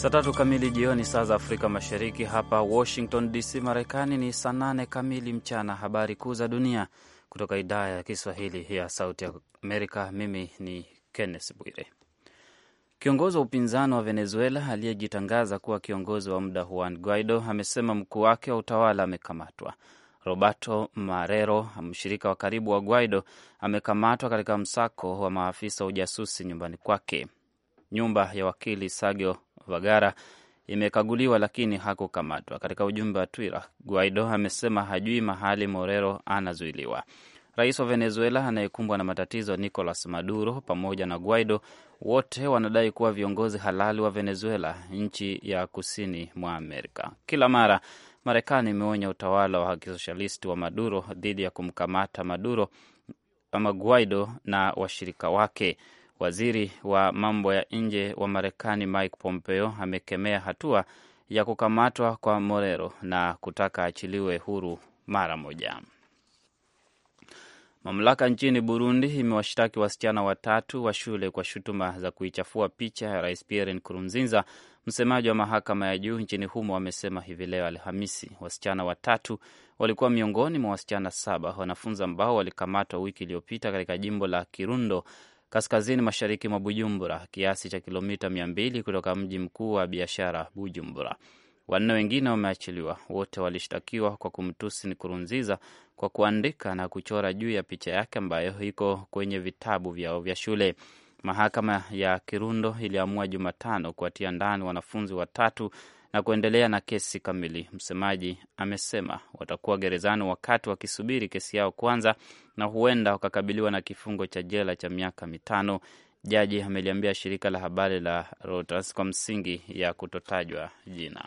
Saa tatu kamili jioni, saa za Afrika Mashariki. Hapa Washington DC, Marekani ni saa nane kamili mchana. Habari kuu za dunia kutoka idhaa ya Kiswahili ya Sauti Amerika. Mimi ni Kenneth Bwire. Kiongozi wa upinzani wa Venezuela aliyejitangaza kuwa kiongozi wa muda Juan Guaido amesema mkuu wake wa utawala amekamatwa. Roberto marero mshirika wa karibu wa Guaido, amekamatwa katika msako wa maafisa wa ujasusi nyumbani kwake. Nyumba ya wakili Sergio Wagara imekaguliwa lakini hakukamatwa. Katika ujumbe wa Twitter, Guaido amesema hajui mahali Morero anazuiliwa. Rais wa Venezuela anayekumbwa na matatizo Nicolas Maduro pamoja na Guaido wote wanadai kuwa viongozi halali wa Venezuela, nchi ya kusini mwa Amerika. Kila mara Marekani imeonya utawala wa kisoshalisti wa Maduro dhidi ya kumkamata Maduro ama Guaido na washirika wake. Waziri wa mambo ya nje wa Marekani Mike Pompeo amekemea hatua ya kukamatwa kwa Morero na kutaka achiliwe huru mara moja. Mamlaka nchini Burundi imewashtaki wasichana watatu wa shule kwa shutuma za kuichafua picha ya Rais Pierre Nkurunziza. Msemaji wa mahakama ya juu nchini humo amesema hivi leo Alhamisi wasichana watatu walikuwa miongoni mwa wasichana saba wanafunzi ambao walikamatwa wiki iliyopita katika jimbo la Kirundo kaskazini mashariki mwa Bujumbura, kiasi cha kilomita mbili kutoka mji mkuu wa biashara Bujumbura. Wanne wengine wameachiliwa. Wote walishtakiwa kwa kumtusi Nkurunziza kwa kuandika na kuchora juu ya picha yake ambayo iko kwenye vitabu vyao vya shule. Mahakama ya Kirundo iliamua Jumatano kuwatia ndani wanafunzi watatu na kuendelea na kesi kamili. Msemaji amesema watakuwa gerezani wakati wakisubiri kesi yao kwanza, na huenda wakakabiliwa na kifungo cha jela cha miaka mitano. Jaji ameliambia shirika la habari la Reuters kwa msingi ya kutotajwa jina.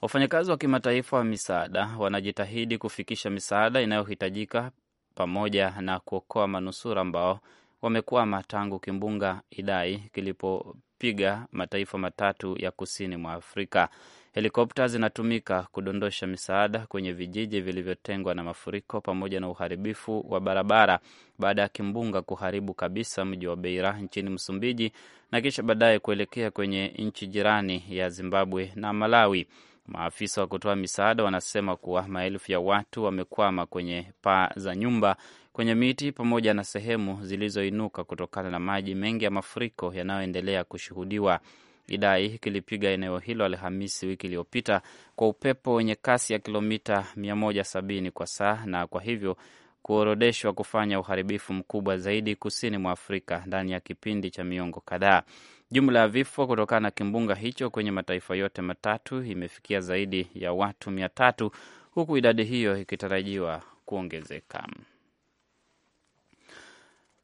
Wafanyakazi wa kimataifa wa misaada wanajitahidi kufikisha misaada inayohitajika pamoja na kuokoa manusura ambao wamekwama tangu kimbunga Idai kilipopiga mataifa matatu ya kusini mwa Afrika. Helikopta zinatumika kudondosha misaada kwenye vijiji vilivyotengwa na mafuriko pamoja na uharibifu wa barabara baada ya kimbunga kuharibu kabisa mji wa Beira nchini Msumbiji na kisha baadaye kuelekea kwenye nchi jirani ya Zimbabwe na Malawi. Maafisa wa kutoa misaada wanasema kuwa maelfu ya watu wamekwama kwenye paa za nyumba kwenye miti pamoja na sehemu zilizoinuka kutokana na maji mengi ya mafuriko yanayoendelea kushuhudiwa. Idai kilipiga eneo hilo Alhamisi wiki iliyopita kwa upepo wenye kasi ya kilomita 170 kwa saa na kwa hivyo kuorodeshwa kufanya uharibifu mkubwa zaidi kusini mwa Afrika ndani ya kipindi cha miongo kadhaa. Jumla ya vifo kutokana na kimbunga hicho kwenye mataifa yote matatu imefikia zaidi ya watu mia tatu huku idadi hiyo ikitarajiwa kuongezeka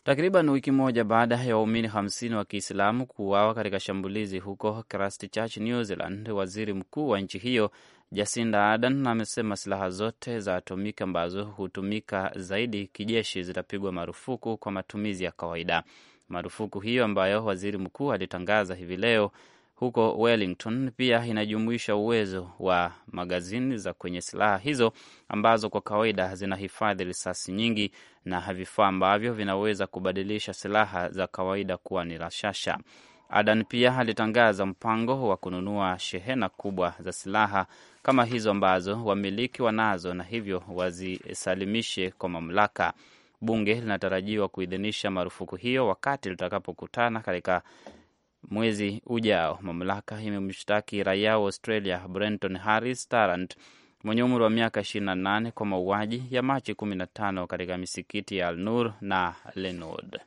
takriban wiki moja baada ya waumini 50 wa Kiislamu kuuawa katika shambulizi huko Christchurch, New Zealand. Waziri mkuu wa nchi hiyo Jacinda Ardern amesema silaha zote za atomiki ambazo hutumika zaidi kijeshi zitapigwa marufuku kwa matumizi ya kawaida. Marufuku hiyo ambayo waziri mkuu alitangaza hivi leo huko Wellington pia inajumuisha uwezo wa magazini za kwenye silaha hizo ambazo kwa kawaida zinahifadhi risasi nyingi na vifaa ambavyo vinaweza kubadilisha silaha za kawaida kuwa ni rashasha. Adan pia alitangaza mpango wa kununua shehena kubwa za silaha kama hizo ambazo wamiliki wanazo na hivyo wazisalimishe kwa mamlaka. Bunge linatarajiwa kuidhinisha marufuku hiyo wakati litakapokutana katika mwezi ujao. Mamlaka imemshtaki raia wa Australia Brenton Harris Tarrant mwenye umri wa miaka 28 kwa mauaji ya Machi 15 katika misikiti ya alnur na Lenod.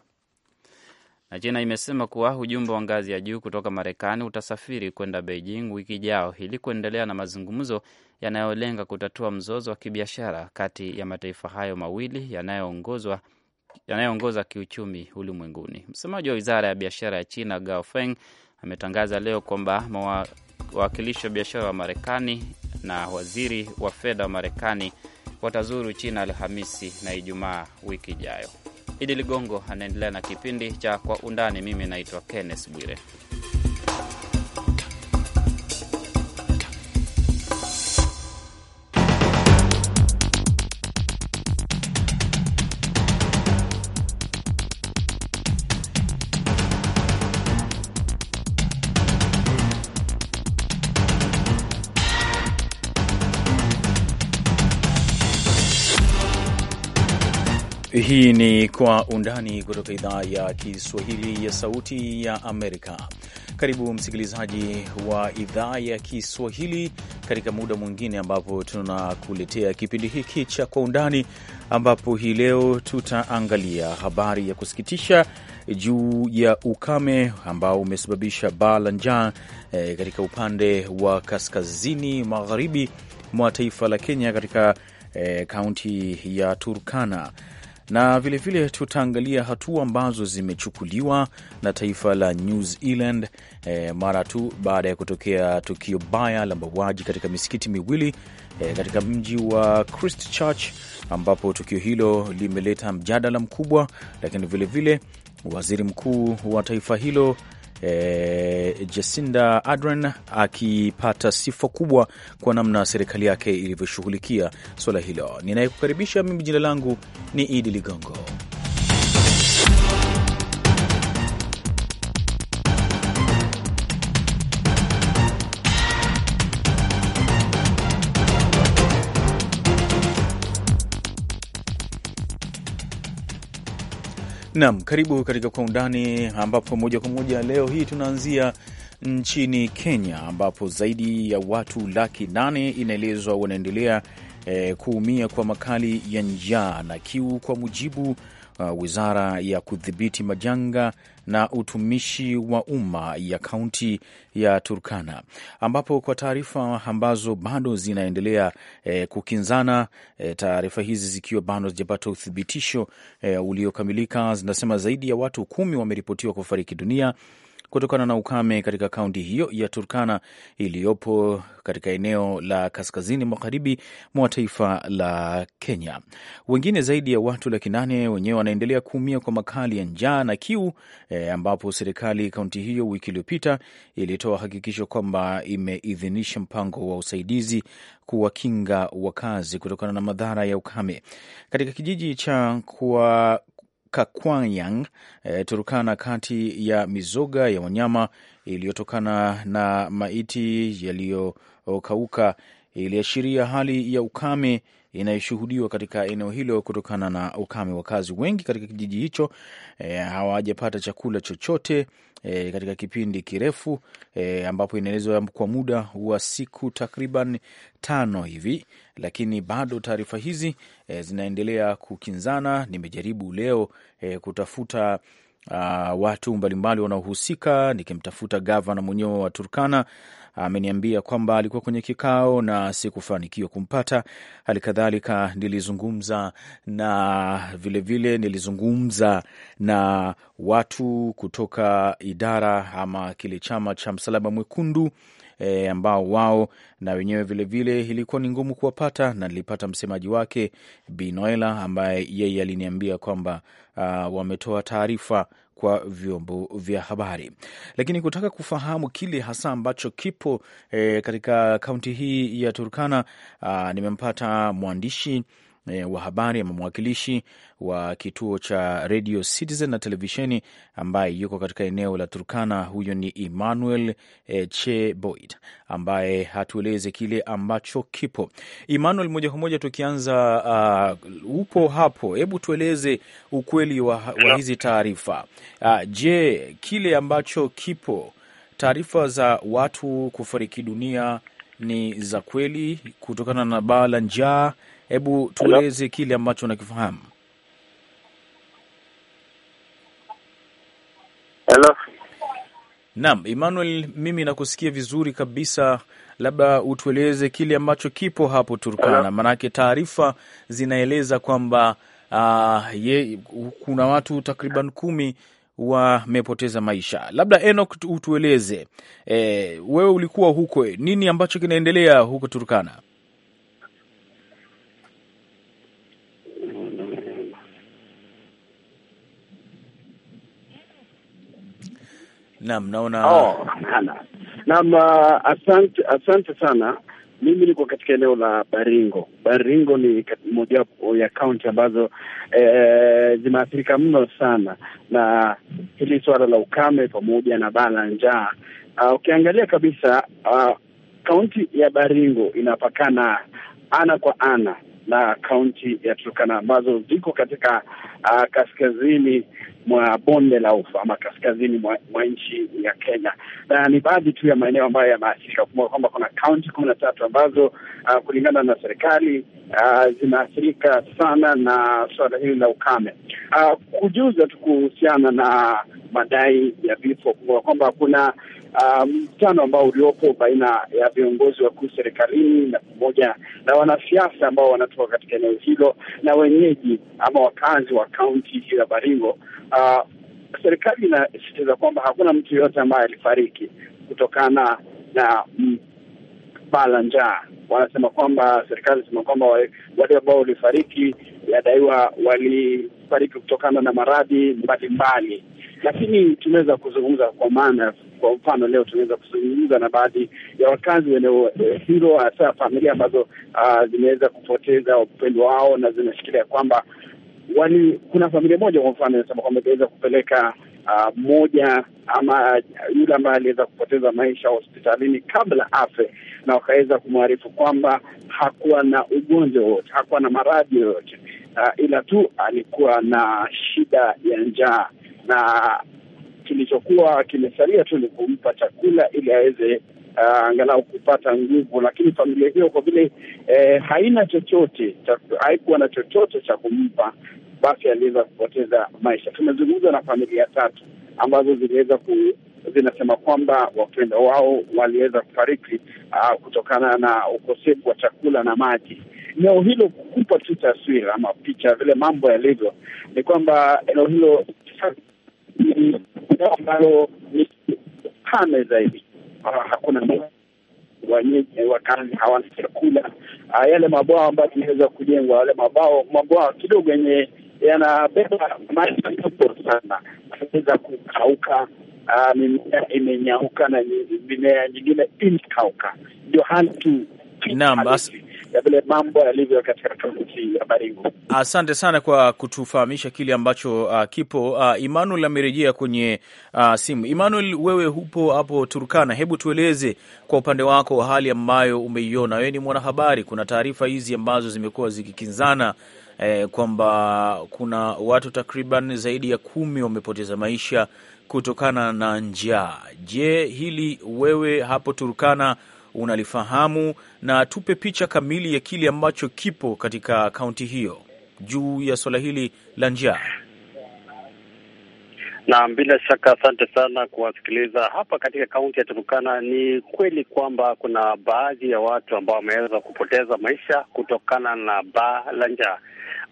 Na China imesema kuwa ujumbe wa ngazi ya juu kutoka Marekani utasafiri kwenda Beijing wiki ijao ili kuendelea na mazungumzo yanayolenga kutatua mzozo wa kibiashara kati ya mataifa hayo mawili yanayoongozwa yanayoongoza kiuchumi ulimwenguni. Msemaji wa wizara ya biashara ya China Gao Feng ametangaza leo kwamba wawakilishi wa biashara wa Marekani na waziri wa fedha wa Marekani watazuru China Alhamisi na Ijumaa wiki ijayo. Idi Ligongo anaendelea na kipindi cha Kwa Undani. Mimi naitwa Kenneth Bwire. Hii ni Kwa Undani kutoka idhaa ya Kiswahili ya Sauti ya Amerika. Karibu msikilizaji wa idhaa ya Kiswahili katika muda mwingine ambapo tunakuletea kipindi hiki cha Kwa Undani, ambapo hii leo tutaangalia habari ya kusikitisha juu ya ukame ambao umesababisha baa la njaa e, katika upande wa kaskazini magharibi mwa taifa la Kenya katika eh, kaunti ya Turkana na vilevile tutaangalia hatua ambazo zimechukuliwa na taifa la New Zealand e, mara tu baada ya kutokea tukio baya la mauaji katika misikiti miwili e, katika mji wa Christchurch, ambapo tukio hilo limeleta mjadala mkubwa, lakini vilevile vile, waziri mkuu wa taifa hilo eh, Jacinda Ardern akipata sifa kubwa kwa namna serikali yake ilivyoshughulikia suala hilo. Ninayekukaribisha mimi, jina langu ni Idi Ligongo. Naam, karibu katika Kwa Undani, ambapo moja kwa moja leo hii tunaanzia nchini Kenya, ambapo zaidi ya watu laki nane inaelezwa wanaendelea eh, kuumia kwa makali ya njaa na kiu, kwa mujibu uh, wizara ya kudhibiti majanga na utumishi wa umma ya kaunti ya Turkana, ambapo kwa taarifa ambazo bado zinaendelea e, kukinzana e, taarifa hizi zikiwa bado zijapata uthibitisho e, uliokamilika, zinasema zaidi ya watu kumi wameripotiwa kufariki dunia kutokana na ukame katika kaunti hiyo ya Turkana iliyopo katika eneo la kaskazini magharibi mwa taifa la Kenya. Wengine zaidi ya watu laki nane wenyewe wanaendelea kuumia kwa makali ya njaa na kiu e, ambapo serikali kaunti hiyo wiki iliyopita ilitoa hakikisho kwamba imeidhinisha mpango wa usaidizi kuwakinga wakazi kutokana na madhara ya ukame katika kijiji cha kwa Kakwanyang e, eh, Turkana, kati ya mizoga ya wanyama iliyotokana na maiti yaliyokauka iliashiria hali ya ukame inayoshuhudiwa katika eneo hilo kutokana na ukame. Wakazi wengi katika kijiji hicho e, hawajapata chakula chochote e, katika kipindi kirefu e, ambapo inaelezwa kwa muda wa siku takriban tano hivi, lakini bado taarifa hizi e, zinaendelea kukinzana. Nimejaribu leo e, kutafuta Uh, watu mbalimbali wanaohusika nikimtafuta gavana mwenyewe wa Turkana ameniambia kwamba alikuwa kwenye kikao na sikufanikiwa kumpata. Hali kadhalika nilizungumza na vilevile vile, nilizungumza na watu kutoka idara ama kile chama cha Msalaba Mwekundu E, ambao wao na wenyewe vilevile ilikuwa ni ngumu kuwapata, na nilipata msemaji wake Bi Noela ambaye yeye aliniambia kwamba uh, wametoa taarifa kwa vyombo vya habari, lakini kutaka kufahamu kile hasa ambacho kipo e, katika kaunti hii ya Turkana, ah, nimempata mwandishi e, wa habari ama mwakilishi wa kituo cha Radio Citizen na televisheni ambaye yuko katika eneo la Turkana. Huyo ni Emmanuel e, eh, Cheboit ambaye hatueleze kile ambacho kipo. Emmanuel, moja kwa moja tukianza, uh, upo hapo, hebu tueleze ukweli wa, wa hizi taarifa uh, je, kile ambacho kipo taarifa za watu kufariki dunia ni za kweli kutokana na baa la njaa Hebu tueleze kile ambacho unakifahamu. Hello. Naam, Emmanuel, mimi nakusikia vizuri kabisa, labda utueleze kile ambacho kipo hapo Turkana, maanake taarifa zinaeleza kwamba uh, kuna watu takriban kumi wamepoteza maisha. Labda eno utueleze e, wewe ulikuwa huko, nini ambacho kinaendelea huko Turkana? Naam, naona oh, naam, uh, asante, asante sana. Mimi niko katika eneo la Baringo. Baringo ni moja ya kaunti ambazo eh, zimeathirika mno sana na hili suala la ukame pamoja na baa la njaa. Uh, ukiangalia kabisa kaunti uh, ya Baringo inapakana ana kwa ana na kaunti ya Turkana ambazo ziko katika uh, kaskazini mwa bonde la Ufa ama kaskazini mwa, mwa nchi ya Kenya, na ni baadhi tu ya maeneo ambayo yameathirika. Kumbuka kwamba kuna kaunti kumi na tatu ambazo uh, kulingana na serikali uh, ah, zinaathirika sana na suala hili la ukame. Uh, kujuza tu kuhusiana na madai ya vifo, kumbuka kwamba kuna Ah, mkutano um, ambao uliopo baina ya viongozi wakuu serikalini na pamoja na wanasiasa ambao wanatoka katika eneo hilo na wenyeji ama wakazi wa kaunti hiyo ya Baringo. Uh, serikali inasisitiza kwamba hakuna mtu yoyote ambaye alifariki kutokana na mm, baa la njaa. Wanasema kwamba serikali anasema kwamba wale ambao walifariki yadaiwa walifariki kutokana na maradhi mbalimbali lakini tunaweza kuzungumza kwa maana, kwa mfano leo tunaweza kuzungumza na baadhi ya wakazi wa eneo eh, hilo, hasa familia ambazo ah, zimeweza kupoteza upendo wao na zinashikilia kwamba wali, kuna familia moja kwa mfano inasema kwamba itaweza kupeleka Uh, mmoja ama ah, yule ambaye aliweza kupoteza maisha hospitalini kabla afe, na wakaweza kumwarifu kwamba hakuwa na ugonjwa wowote, hakuwa na maradhi yoyote, uh, ila tu alikuwa na shida ya njaa na kilichokuwa kimesalia tu ni kumpa chakula ili aweze Uh, angalau kupata nguvu, lakini familia hiyo kwa vile eh, haina chochote, haikuwa na chochote cha kumpa, basi aliweza kupoteza maisha. Tumezungumza na familia tatu ambazo ziliweza ku, zinasema kwamba wapendo wao waliweza kufariki uh, kutokana na ukosefu wa chakula na maji. Eneo hilo kupa tu taswira ama picha vile mambo yalivyo ni kwamba eneo hilo eneo ambalo ni kame zaidi, ah, hakuna wenyeji wakazi hawana chakula. Ah, yale mabwawa ambayo imeweza kujengwa, yale mabao mabwawa kidogo yenye yanabeba maji kidogo sana, ameweza kukauka. Ah, mimea imenyauka na mimea nyingine imekauka, ndio hali tu. Naam, basi ya vile mambo yalivyo katika tovuti ya Baringo. Asante sana kwa kutufahamisha kile ambacho uh, kipo. Uh, Emmanuel amerejea kwenye uh, simu. Emmanuel, wewe hupo hapo Turkana, hebu tueleze kwa upande wako hali ambayo umeiona. Wewe ni mwanahabari, kuna taarifa hizi ambazo zimekuwa zikikinzana eh, kwamba kuna watu takriban zaidi ya kumi wamepoteza maisha kutokana na njaa. Je, hili wewe hapo Turkana unalifahamu, na tupe picha kamili ya kile ambacho kipo katika kaunti hiyo juu ya swala hili la njaa. Na bila shaka asante sana kuwasikiliza. Hapa katika kaunti ya Turukana ni kweli kwamba kuna baadhi ya watu ambao wameweza kupoteza maisha kutokana na baa la njaa.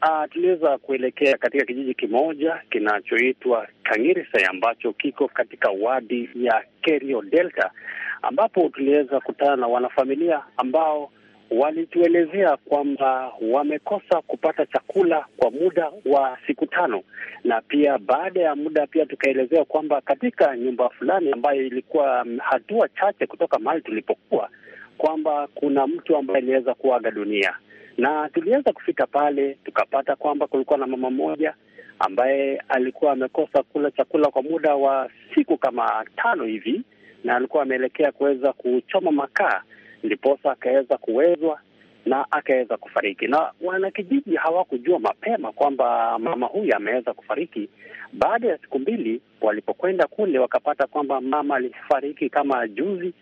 Uh, tuliweza kuelekea katika kijiji kimoja kinachoitwa Kangirisai ambacho kiko katika wadi ya Kerio Delta ambapo tuliweza kutana na wanafamilia ambao walituelezea kwamba wamekosa kupata chakula kwa muda wa siku tano, na pia baada ya muda pia tukaelezewa kwamba katika nyumba fulani ambayo ilikuwa um, hatua chache kutoka mahali tulipokuwa, kwamba kuna mtu ambaye aliweza kuaga dunia, na tuliweza kufika pale tukapata kwamba kulikuwa na mama mmoja ambaye alikuwa amekosa kula chakula kwa muda wa siku kama tano hivi na alikuwa ameelekea kuweza kuchoma makaa, ndiposa akaweza kuwezwa na akaweza kufariki. Na wanakijiji hawakujua mapema kwamba mama huyu ameweza kufariki. Baada ya siku mbili, walipokwenda kule, wakapata kwamba mama alifariki kama juzi,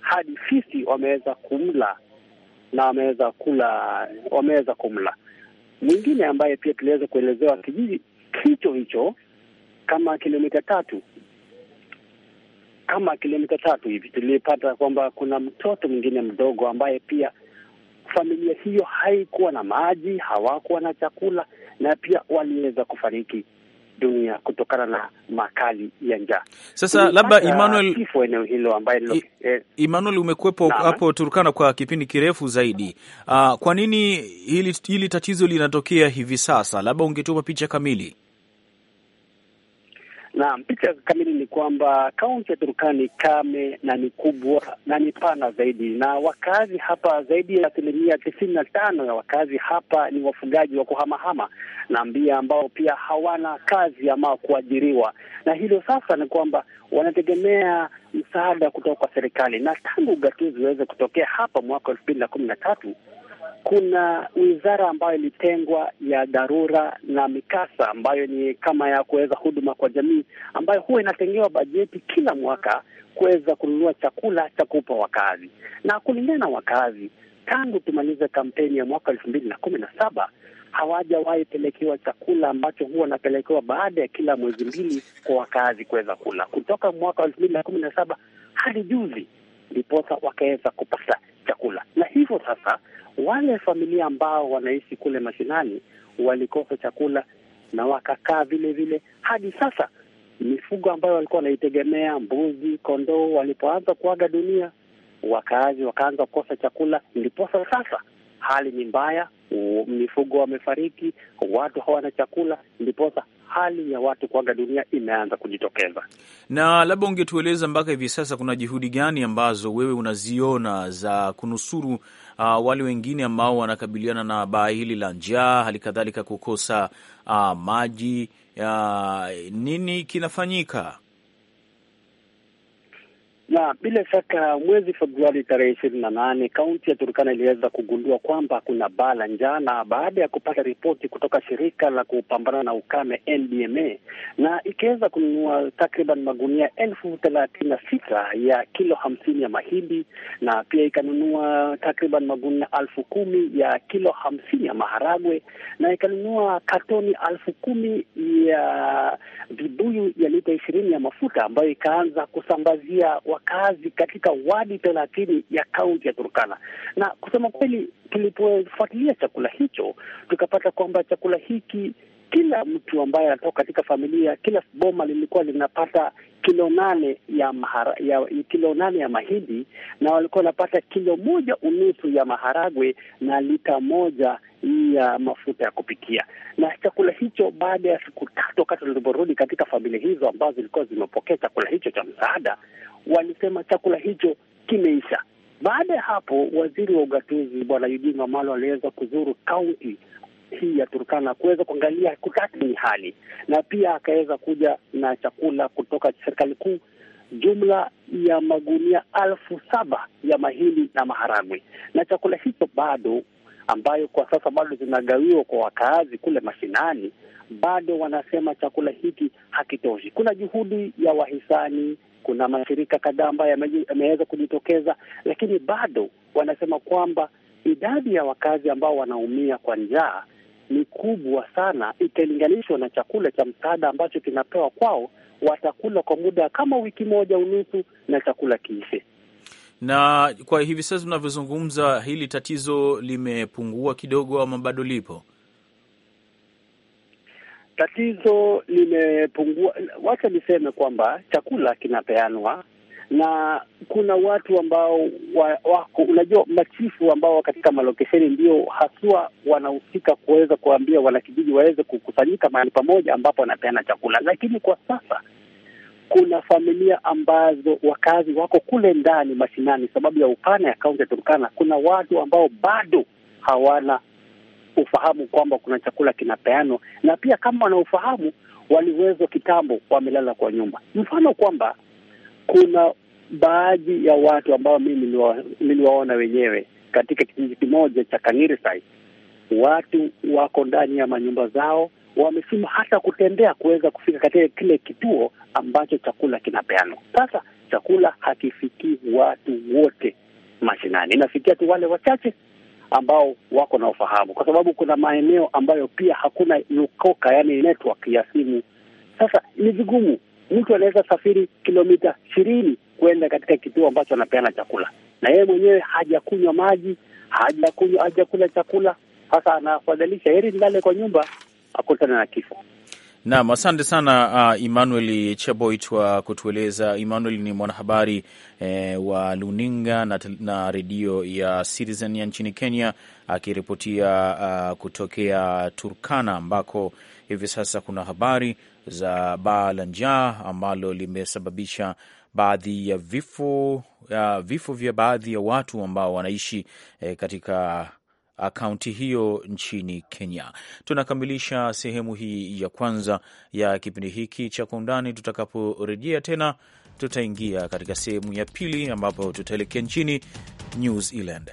hadi fisi wameweza kumla na wameweza kula, wameweza kumla. Mwingine ambaye pia tuliweza kuelezewa kijiji hicho hicho kama kilomita tatu kama kilomita tatu hivi tulipata kwamba kuna mtoto mwingine mdogo ambaye pia familia hiyo haikuwa na maji, hawakuwa na chakula, na pia waliweza kufariki dunia kutokana na makali ya njaa. Sasa labda Emmanuel, kifo eneo hilo ambaye eh, Emmanuel, umekuwepo hapo Turkana kwa kipindi kirefu zaidi. Uh, kwa nini hili, hili tatizo linatokea hivi sasa? Labda ungetuma picha kamili. Naam, picha kamili ni kwamba kaunti ya Turkana kame na ni kubwa na ni pana zaidi, na wakazi hapa zaidi ya asilimia tisini na tano ya wakazi hapa ni wafugaji wa kuhamahama na mbia, ambao pia hawana kazi ama kuajiriwa, na hilo sasa ni kwamba wanategemea msaada kutoka kwa serikali, na tangu ugatuzi uweze kutokea hapa mwaka elfu mbili na kumi na tatu kuna wizara ambayo ilitengwa ya dharura na mikasa, ambayo ni kama ya kuweza huduma kwa jamii, ambayo huwa inatengewa bajeti kila mwaka kuweza kununua chakula cha kupa wakazi. Na kulingana na wakazi, tangu tumalize kampeni ya mwaka elfu mbili na kumi na saba hawajawahi pelekewa chakula ambacho huwa wanapelekewa baada ya kila mwezi mbili kwa wakazi kuweza kula, kutoka mwaka elfu mbili na kumi na saba hadi juzi, ndiposa wakaweza kupata chakula na hivyo sasa wale familia ambao wanaishi kule mashinani walikosa chakula na wakakaa vile vile hadi sasa. Mifugo ambayo walikuwa wanaitegemea, mbuzi, kondoo, walipoanza kuaga dunia, wakaazi wakaanza kukosa chakula, ndiposa sasa hali ni mbaya, mifugo wamefariki, watu hawana chakula, ndiposa hali ya watu kuaga dunia imeanza kujitokeza. Na labda ungetueleza mpaka hivi sasa kuna juhudi gani ambazo wewe unaziona za kunusuru uh, wale wengine ambao wanakabiliana na baa hili la njaa, hali kadhalika kukosa uh, maji uh, nini kinafanyika? Na bila shaka mwezi Februari tarehe ishirini na nane kaunti ya Turkana iliweza kugundua kwamba kuna baa la njaa, na baada ya kupata ripoti kutoka shirika la kupambana na ukame NDMA, na ikiweza kununua takriban magunia elfu thelathini na sita ya kilo hamsini ya mahindi na pia ikanunua takriban magunia elfu kumi ya kilo hamsini ya maharagwe na ikanunua katoni elfu kumi ya vibuyu ya lita ishirini ya mafuta ambayo ikaanza kusambazia wa wakazi katika wadi thelathini ya kaunti ya Turkana. Na kusema kweli, tulipofuatilia chakula hicho tukapata kwamba chakula hiki kila mtu ambaye anatoka katika familia, kila boma lilikuwa linapata kilo nane ya mahara, ya kilo nane ya mahindi na walikuwa wanapata kilo moja unusu ya maharagwe na lita moja ya mafuta ya kupikia. Na chakula hicho, baada ya siku tatu, wakati tuliporudi katika familia hizo ambazo zilikuwa zimepokea chakula hicho cha msaada, walisema chakula hicho kimeisha. Baada ya hapo, waziri wa ugatuzi Bwana Eugene malo aliweza kuzuru kaunti hii ya Turkana kuweza kuangalia ni hali na pia akaweza kuja na chakula kutoka serikali kuu, jumla ya magunia elfu saba ya mahindi na maharagwe, na chakula hicho bado ambayo kwa sasa bado zinagawiwa kwa wakaazi kule mashinani, bado wanasema chakula hiki hakitoshi. Kuna juhudi ya wahisani, kuna mashirika kadhaa ambayo yameweza kujitokeza, lakini bado wanasema kwamba idadi ya wakazi ambao wanaumia kwa njaa ni kubwa sana ikilinganishwa na chakula cha msaada ambacho kinapewa kwao. Watakula kwa muda kama wiki moja unusu na chakula kiishe. Na kwa hivi sasa tunavyozungumza, hili tatizo limepungua kidogo ama bado lipo? Tatizo limepungua, wacha niseme kwamba chakula kinapeanwa na kuna watu ambao wa, wako unajua, machifu ambao katika malokesheni ndio haswa wanahusika kuweza kuambia wanakijiji waweze kukusanyika mahali pamoja ambapo wanapeana chakula, lakini kwa sasa kuna familia ambazo wakazi wako kule ndani mashinani, sababu ya upana ya kaunti ya Turkana, kuna watu ambao bado hawana ufahamu kwamba kuna chakula kinapeanwa, na pia kama wanaofahamu waliwezwa kitambo, wamelala kwa nyumba. Mfano kwamba kuna baadhi ya watu ambao mimi niliwaona wenyewe katika kijiji kimoja cha Kanirisai, watu wako ndani ya manyumba zao, wamesima hata kutembea kuweza kufika katika kile kituo ambacho chakula kinapeanwa. Sasa chakula hakifikii watu wote mashinani, inafikia tu wale wachache ambao wako na ufahamu, kwa sababu kuna maeneo ambayo pia hakuna lukoka, yani network ya simu. Sasa ni vigumu mtu anaweza safiri kilomita ishirini kwenda katika kituo ambacho anapeana chakula, na yeye mwenyewe hajakunywa maji, hajakunywa, hajakula chakula. Sasa anafadhalisha heri nilale kwa nyumba akutana na kifo. Naam, asante sana uh, Emmanuel Cheboit wa kutueleza. Emmanuel ni mwanahabari eh, wa luninga na, na redio ya Citizen ya nchini Kenya akiripotia uh, kutokea Turkana ambako hivi sasa kuna habari za baa la njaa ambalo limesababisha baadhi ya vifo, ya vifo vya baadhi ya watu ambao wanaishi eh, katika akaunti hiyo nchini Kenya. Tunakamilisha sehemu hii ya kwanza ya kipindi hiki cha Kwa Undani. Tutakaporejea tena, tutaingia katika sehemu ya pili ambapo tutaelekea nchini New Zealand.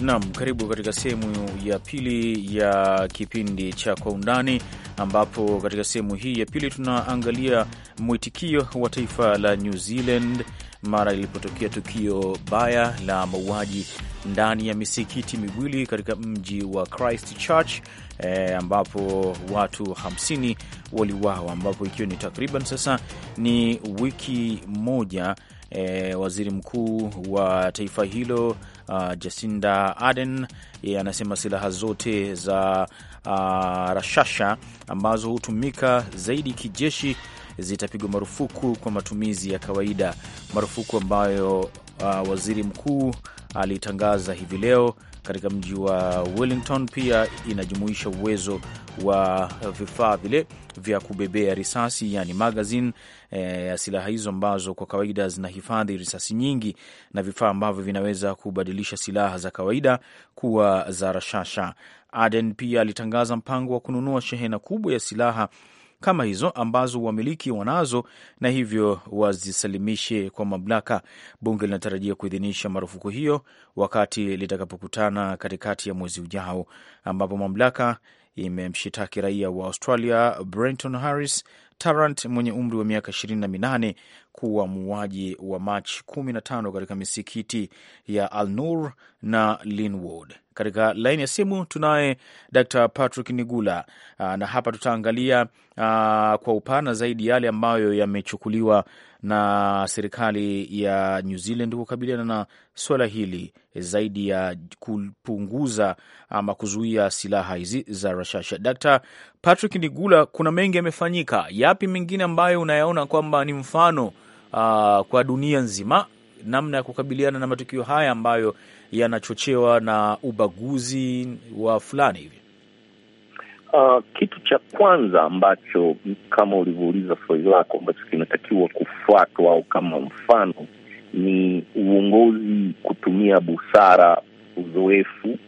Naam, karibu katika sehemu ya pili ya kipindi cha Kwa Undani, ambapo katika sehemu hii ya pili tunaangalia mwitikio wa taifa la New Zealand mara ilipotokea tukio baya la mauaji ndani ya misikiti miwili katika mji wa Christchurch e, ambapo watu 50 waliuawa, ambapo ikiwa ni takriban sasa ni wiki moja. E, waziri mkuu wa taifa hilo uh, Jacinda Ardern anasema silaha zote za uh, rashasha ambazo hutumika zaidi kijeshi zitapigwa marufuku kwa matumizi ya kawaida, marufuku ambayo uh, waziri mkuu alitangaza hivi leo katika mji wa Wellington pia inajumuisha uwezo wa vifaa vile vya kubebea risasi yani magazine eh, ya e, silaha hizo ambazo kwa kawaida zinahifadhi risasi nyingi na vifaa ambavyo vinaweza kubadilisha silaha za kawaida kuwa za rashasha. Aden pia alitangaza mpango wa kununua shehena kubwa ya silaha kama hizo ambazo wamiliki wanazo na hivyo wazisalimishe kwa mamlaka. Bunge linatarajia kuidhinisha marufuku hiyo wakati litakapokutana katikati ya mwezi ujao, ambapo mamlaka imemshitaki raia wa Australia Brenton Harris Tarrant mwenye umri wa miaka 28 kuwa muuaji wa Machi 15 katika misikiti ya Al Nur na Linwood. Katika laini ya simu tunaye Dr Patrick Nigula, ah, na hapa tutaangalia ah, kwa upana zaidi yale ambayo yamechukuliwa na serikali ya New Zealand kukabiliana na swala hili zaidi ya kupunguza ama kuzuia silaha hizi za rashasha. d Patrick Nigula, kuna mengi yamefanyika, yapi mengine ambayo unayaona kwamba ni mfano uh, kwa dunia nzima namna ya kukabiliana na matukio haya ambayo yanachochewa na ubaguzi wa fulani hivi? Uh, kitu cha kwanza ambacho kama ulivyouliza swali lako ambacho kinatakiwa kufuatwa au kama mfano ni uongozi kutumia busara, uzoefu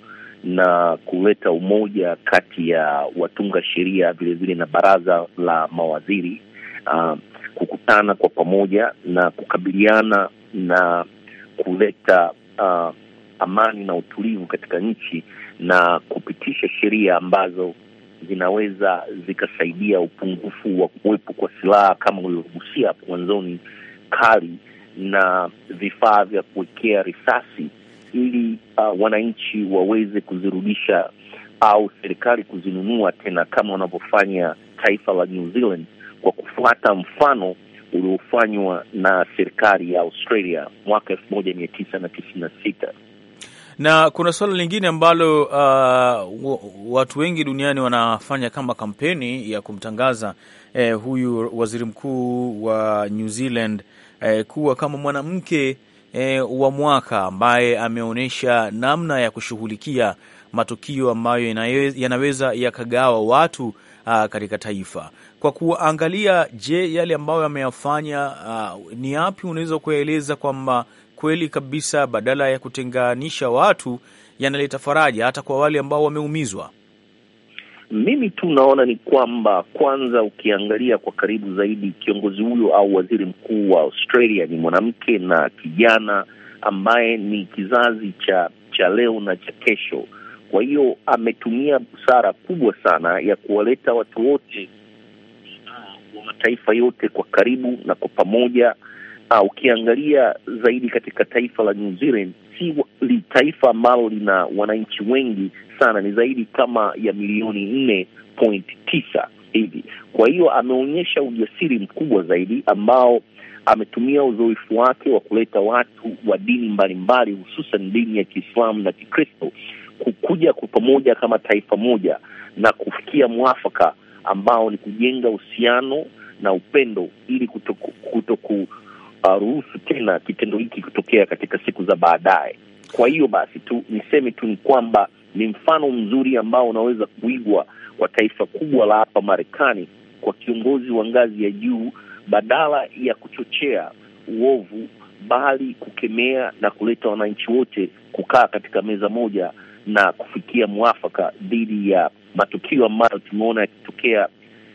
na kuleta umoja kati ya watunga sheria vilevile na baraza la mawaziri uh, kukutana kwa pamoja na kukabiliana na kuleta uh, amani na utulivu katika nchi na kupitisha sheria ambazo zinaweza zikasaidia upungufu wa kuwepo kwa silaha kama ulivyogusia hapo mwanzoni, kali na vifaa vya kuwekea risasi, ili uh, wananchi waweze kuzirudisha au serikali kuzinunua tena, kama wanavyofanya taifa la New Zealand kwa kufuata mfano uliofanywa na serikali ya Australia mwaka elfu moja mia tisa na tisini na sita. Na kuna suala lingine ambalo uh, watu wengi duniani wanafanya kama kampeni ya kumtangaza eh, huyu waziri mkuu wa New Zealand eh, kuwa kama mwanamke eh, wa mwaka ambaye ameonyesha namna ya kushughulikia matukio ambayo yanaweza yakagawa watu uh, katika taifa kwa kuangalia, je, yale ambayo ameyafanya uh, ni yapi unaweza kuyaeleza kwamba kweli kabisa, badala ya kutenganisha watu, yanaleta faraja hata kwa wale ambao wameumizwa. Mimi tu naona ni kwamba kwanza, ukiangalia kwa karibu zaidi, kiongozi huyo au waziri mkuu wa Australia ni mwanamke na kijana ambaye ni kizazi cha cha leo na cha kesho. Kwa hiyo ametumia busara kubwa sana ya kuwaleta watu wote wa mataifa yote kwa karibu na kwa pamoja uh, ukiangalia zaidi katika taifa la New Zealand si li taifa ambalo lina wananchi wengi sana, ni zaidi kama ya milioni nne point tisa hivi. Kwa hiyo ameonyesha ujasiri mkubwa zaidi ambao ametumia uzoefu wake wa kuleta watu wa dini mbalimbali hususan dini ya Kiislamu na Kikristo kukuja kwa pamoja kama taifa moja na kufikia mwafaka ambao ni kujenga uhusiano na upendo ili kutoku, kutoku aruhusu tena kitendo hiki kutokea katika siku za baadaye. Kwa hiyo basi tu niseme tu ni kwamba ni mfano mzuri ambao unaweza kuigwa wa taifa kubwa la hapa Marekani kwa kiongozi wa ngazi ya juu, badala ya kuchochea uovu, bali kukemea na kuleta wananchi wote kukaa katika meza moja na kufikia mwafaka dhidi ya matukio ambayo tumeona yakitokea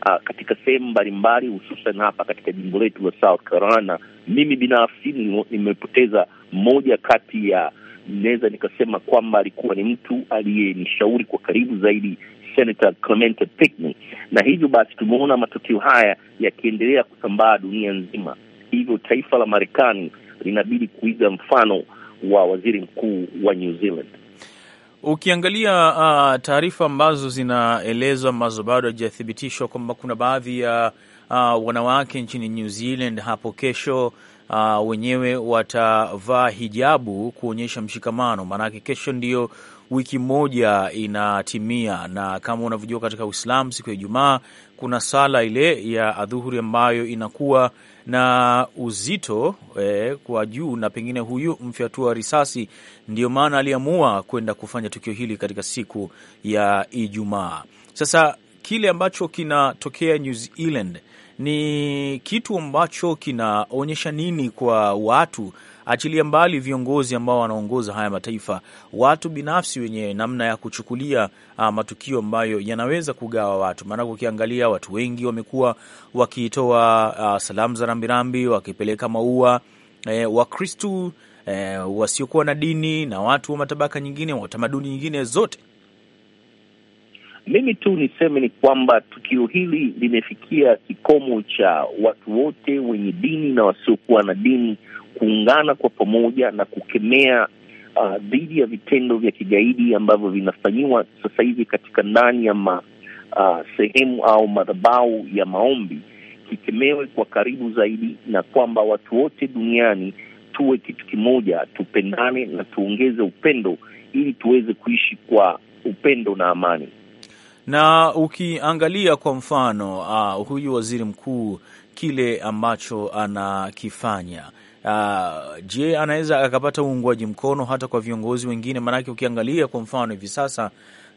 uh, katika sehemu mbalimbali, hususan hapa katika jimbo letu la South Carolina. Mimi binafsi nimepoteza mmoja kati ya, naweza nikasema kwamba alikuwa ni mtu aliyenishauri kwa karibu zaidi Senator Clement Pickney, na hivyo basi tumeona matokeo haya yakiendelea kusambaa dunia nzima. Hivyo taifa la Marekani linabidi kuiga mfano wa waziri mkuu wa New Zealand. Ukiangalia uh, taarifa ambazo zinaelezwa ambazo bado hajathibitishwa kwamba kuna baadhi ya uh, wanawake nchini New Zealand hapo kesho uh, wenyewe watavaa hijabu kuonyesha mshikamano, maanake kesho ndiyo wiki moja inatimia, na kama unavyojua katika Uislamu siku ya Ijumaa kuna sala ile ya adhuhuri ambayo inakuwa na uzito eh, kwa juu na pengine huyu mfyatua risasi ndio maana aliamua kwenda kufanya tukio hili katika siku ya Ijumaa. Sasa kile ambacho kinatokea New Zealand ni kitu ambacho kinaonyesha nini kwa watu achilia mbali viongozi ambao wanaongoza haya mataifa, watu binafsi wenyewe, namna ya kuchukulia uh, matukio ambayo yanaweza kugawa watu. Maanake ukiangalia watu wengi wamekuwa wakitoa uh, salamu za rambirambi, wakipeleka maua eh, Wakristu eh, wasiokuwa na dini na watu wa matabaka nyingine wa tamaduni nyingine zote. Mimi tu niseme ni kwamba tukio hili limefikia kikomo cha watu wote wenye dini na wasiokuwa na dini kuungana kwa pamoja na kukemea uh, dhidi ya vitendo vya kigaidi ambavyo vinafanyiwa sasa hivi katika ndani ya ma, uh, sehemu au madhabau ya maombi kikemewe kwa karibu zaidi, na kwamba watu wote duniani tuwe kitu kimoja, tupendane na tuongeze upendo ili tuweze kuishi kwa upendo na amani. Na ukiangalia kwa mfano uh, huyu waziri mkuu kile ambacho anakifanya Uh, je, anaweza akapata uungwaji mkono hata kwa viongozi wengine? Maanake ukiangalia kwa mfano hivi sasa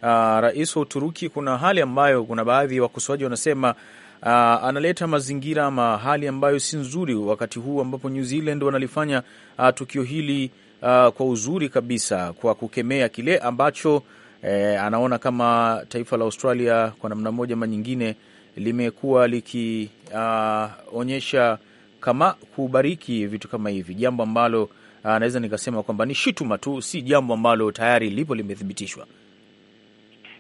uh, rais wa Uturuki, kuna hali ambayo kuna baadhi ya wakosoaji wanasema uh, analeta mazingira ama hali ambayo si nzuri, wakati huu ambapo New Zealand wanalifanya uh, tukio hili uh, kwa uzuri kabisa kwa kukemea kile ambacho eh, anaona kama taifa la Australia kwa namna moja ama nyingine limekuwa likionyesha uh, kama kubariki vitu kama hivi, jambo ambalo anaweza ah, nikasema kwamba ni shutuma tu, si jambo ambalo tayari lipo limethibitishwa.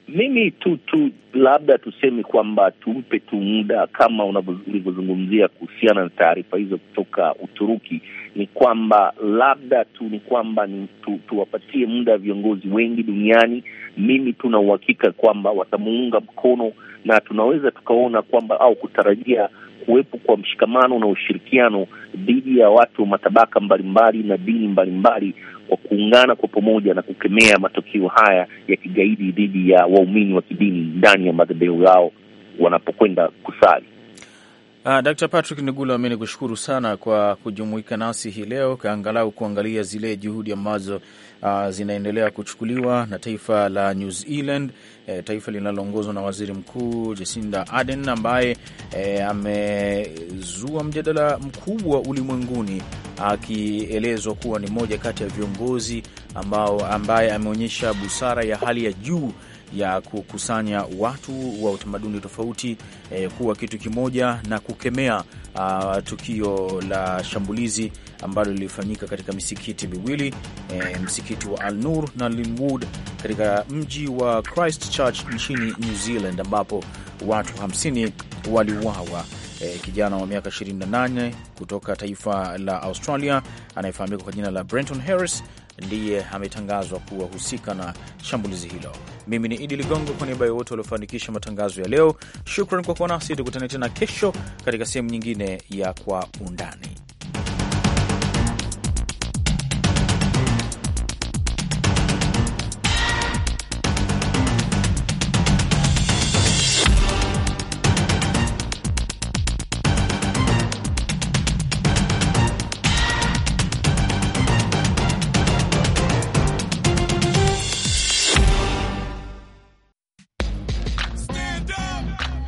Mimi tu tu labda tuseme kwamba tumpe tu muda, kama ulivyozungumzia kuhusiana na taarifa hizo kutoka Uturuki, ni kwamba labda tu ni kwamba ni tu, tuwapatie muda viongozi wengi duniani. Mimi tuna uhakika kwamba watamuunga mkono na tunaweza tukaona kwamba au kutarajia kuwepo kwa mshikamano na ushirikiano dhidi ya watu wa matabaka mbalimbali na dini mbalimbali kwa kuungana kwa pamoja na kukemea matukio haya ya kigaidi dhidi ya waumini wa kidini ndani ya madhehebu yao wanapokwenda kusali. Uh, Dr. Patrick Nigula, mimi kushukuru sana kwa kujumuika nasi hii leo, kaangalau kuangalia zile juhudi ambazo uh, zinaendelea kuchukuliwa na taifa la New Zealand eh, taifa linaloongozwa na waziri mkuu Jacinda Ardern ambaye eh, amezua mjadala mkubwa ulimwenguni akielezwa kuwa ni moja kati ya viongozi ambao ambaye ameonyesha busara ya hali ya juu ya kukusanya watu wa utamaduni tofauti eh, kuwa kitu kimoja na kukemea uh, tukio la shambulizi ambalo lilifanyika katika misikiti miwili eh, msikiti wa Al Nur na Linwood katika mji wa Christchurch nchini New Zealand ambapo watu 50 waliuawa. Eh, kijana wa miaka 28 kutoka taifa la Australia anayefahamika kwa jina la Brenton Harris ndiye ametangazwa kuwa husika na shambulizi hilo. Mimi ni Idi Ligongo, kwa niaba ya wote waliofanikisha matangazo ya leo, shukran kwa kuwa nasi. Tukutane tena kesho katika sehemu nyingine ya Kwa Undani.